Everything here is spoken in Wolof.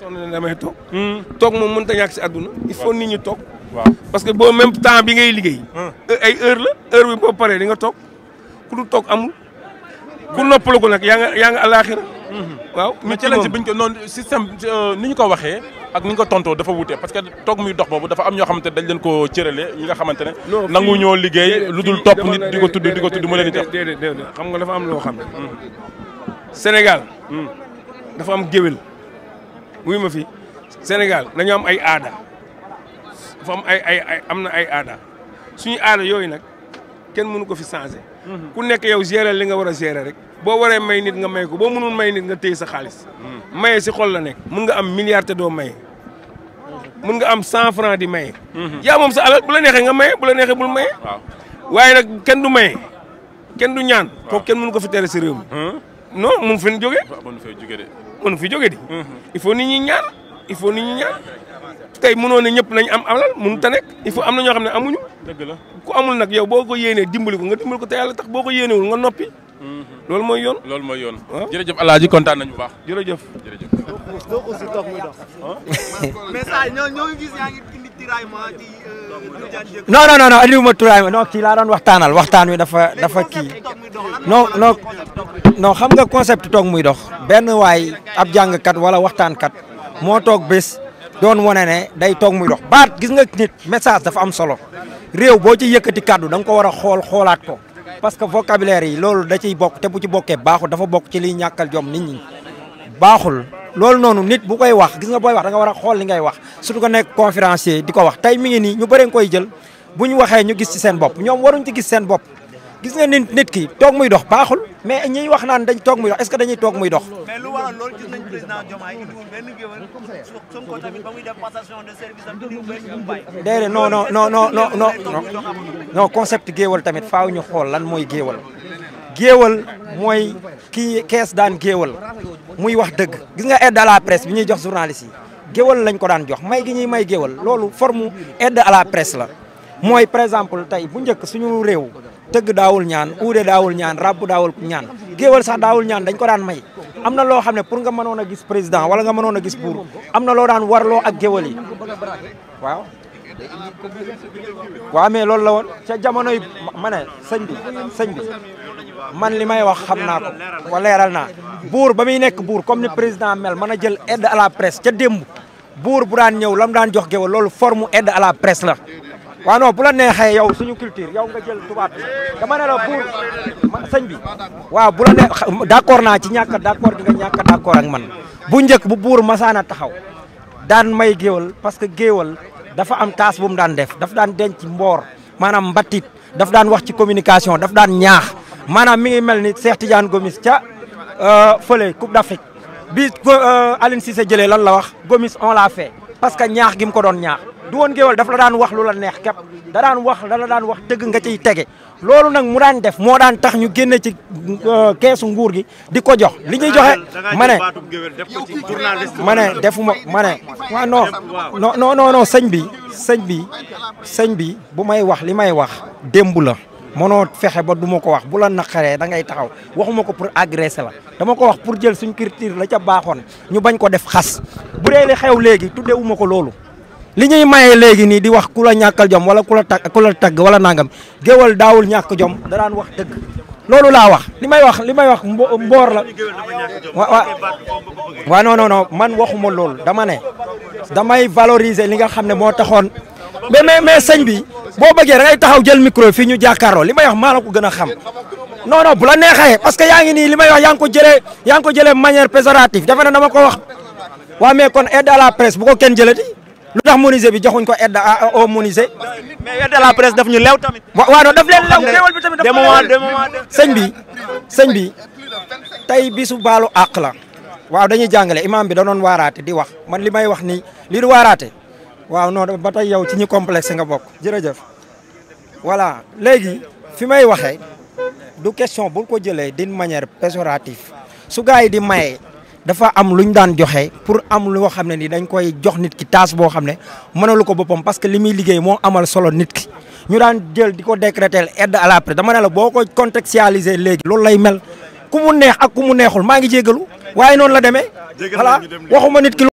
sonn na damay toog. Hmm. toog moom mënut a ñàkk si àdduna. il faut nit ñi toog. parce que boo même temps bi ngay liggéey. Hmm. Euh, ay heure la heure bi boo paree di nga toog ku du toog amul. ku noppaloo ko nag yaa nga yaa nga àllaaxira hmm. waaw mais challenge bi ñu ko noonu système euh, ni ñu ko waxee ak ni ñu tontoo dafa wute parce que toog muy dox boobu dafa am ñoo xamante ne dañ leen ko cëralee ñi nga xamante ne nangu ñoo liggéey lu dul topp nit di ko tudd di ko tudd mu leen di tax xam nga dafa am loo xam ne Sénégal dafa am géwél wuy ma fi Sénégal nañu am ay aada dafa am ay ay am na ay aada suñu aada yooyu nag kenn mënu ko fi changer. Mhm. ku nekk yow gérer li nga war a gérer rek. boo waree may nit nga may ko boo mënul may nit nga téye sa xaalis. Mhm. maye si xol la nekk. mun nga am milliard te doo maye. mun nga am cent franc di maye. Mhm. yaa moom sa alal bu la neexee nga maye bu la neexee bul maye. waaye nag kenn du maye kenn du ñaan. waaw kenn mënu ko fi tere si réew mi. non mun fi jógee. waaw mënu fi jóge di mm-hmm. il faut nit ñi ñaan il faut nit ñi ñaan tey ne ñëpp nañ alal mënut a nekk il faut am na ñoo xam ne amuñu. dëgg la ku amul nag yow boo ko yéenee dimbali ko nga dimbali ko te yàlla tax boo ko yéenewul nga noppi. Mm-hmm. loolu mooy yoon. loolu mooy yoon. Ah. jërëjëf El Hadj bu baax. jërëjëf jërëjëf. doo ko si toog muy dox. Ah. non non non Aliou ma turaay ma non kii laa doon waxtaanal waxtaan wi dafa dafa kii non non non xam nga concept toog muy dox benn waay ab jàngkat wala waxtaankat moo toog bés doon wane ne day toog muy dox baat gis nga nit message dafa am solo réew boo ci yëkkati kàddu da ko war a xool xoolaat ko parce que vocabulaire yi loolu da ciy bokk te bu ci bokkee baaxul dafa bokk ci liy ñàkkal jom nit ñi baaxul loolu noonu nit bu koy wax gis nga booy wax da nga war a xool li ngay wax surtout ko nekk conférencier di ko wax tey mi ngi nii ñu bëri nga koy jël bu ñu waxee ñu gis ci seen bopp ñoom waruñ ci gis seen bopp gis nga nit nit ki toog muy dox baaxul mais ñiy wax naan dañ toog muy dox est-ce que dañuy toog muy dox. mais lu waral loolu gis nañ président Diomaye indiwul benn géwél Sonko tamit ba tamit faaw ñu xool lan mooy géwél. géwél mooy kii kees daan géwél muy wax dëgg. gis nga aide à la presse bi ñuy jox journaliste yi. géwal lañ ko daan jox may gi ñuy may géwal loolu forme aide à la presse la mooy par exemple tey bu njëkk suñu réew tëgg daawul ñaan uude daawul ñaan ràbb daawul ñaan géwal sax daawul ñaan dañ ko daan may am na loo xam ne pour nga mënoon a gis président wala nga mënoon a gis buur am na loo daan warloo ak géwal yi waaw waaw loolu la woon ca jamono yi ma ne sëñ man li may wax xam naa ko wa leeral naa buur ba muy nekk buur comme ni président mel mën a jël aide à la ca démb buur bu daan ñëw la mu daan jox géwal loolu formu aide à la presse la waaw bu la neexee yow suñu culture yow nga jël tubaab bi dama ne la buur sëñ bi waaw bu la neex d'accord naa ci ñàkk d'accord gi nga ak man bu njëkk bu buur masaana taxaw daan may géwal parce que géwal dafa am taas bu mu daan def dafa daan denc mboor maanaam mbattit daf daan wax ci communication daf daan ñaax maanaam mi ngi mel ni Cheikh Tidiane Gomis ca euh, fële Coupe d'Afrique bi euh, Aline Cissé jëlee lan la wax Gomis on l'a fait parce que ñaax gi mu ko doon ñaax du woon géwal daf la daan wax lu la neex képp da daan wax da la daan wax dëgg nga ciy tege loolu nag mu daan def moo daan tax ñu génne ci euh, keesu nguur gi di ko jox li ñuy joxe ma ne ma ne defuma ma ne waaw non non non non bi sëñ bi sëñ bi bu may wax li may wax démb la mënoo fexe ba du ma ko wax bu la naqaree da ngay taxaw waxuma ko pour agresser la dama ko wax pour jël suñ culture la ca baaxoon ñu bañ ko def xas bu dee xew léegi tuddewuma ko loolu li ñuy mayee léegi nii di wax ku la ñàkkal jom wala ku la tag ku la tagg wala nangam géwal daawul ñàkk jom da daan wax dëgg loolu laa wax li may wax li may wax mboor la wa waaw non non non man waxuma loolu dama ne damay valoriser li nga xam ne moo taxoon mais mais mais sëñ bi boo bëggee da ngay taxaw jël micro fii ñu jàkkaarloo li may wax maa la gën a xam non non bu la parce que yaa ngi nii li may wax yaa ngi ko jëlee yaa ngi ko jëlee manière péjorative defe na ma ko wax waa mais kon aide à la presse bu ko kenn jëlati lu tax menuisier bi joxuñ ko aide à au menuisier. mais aide la presse daf ñu lew tamit. waaw waaw non daf leen lew bi tamit bi sëñ bi tey bisu baalu àq la waaw dañuy jàngale imam bi da waaraate di wax man li may wax nii lii du waaraate waaw non ba ta yow ci ñi complexe nga bokk jërëjëf voilà léegi fi may waxee du question bul ko jëlee d'une manière péjorative su gars yi di maye dafa am lu ñu daan joxe pour am loo xam ne nii dañ koy jox nit ki taas boo xam ne mënalu ko boppam parce que li muy liggéey moo amal solo nit ki ñu daan jël di ko décréter aide à la presse dama ne la boo ko contextualiser léegi loolu lay mel ku mu neex ak ku mu neexul maa ngi jégalu waaye noonu la deme voilà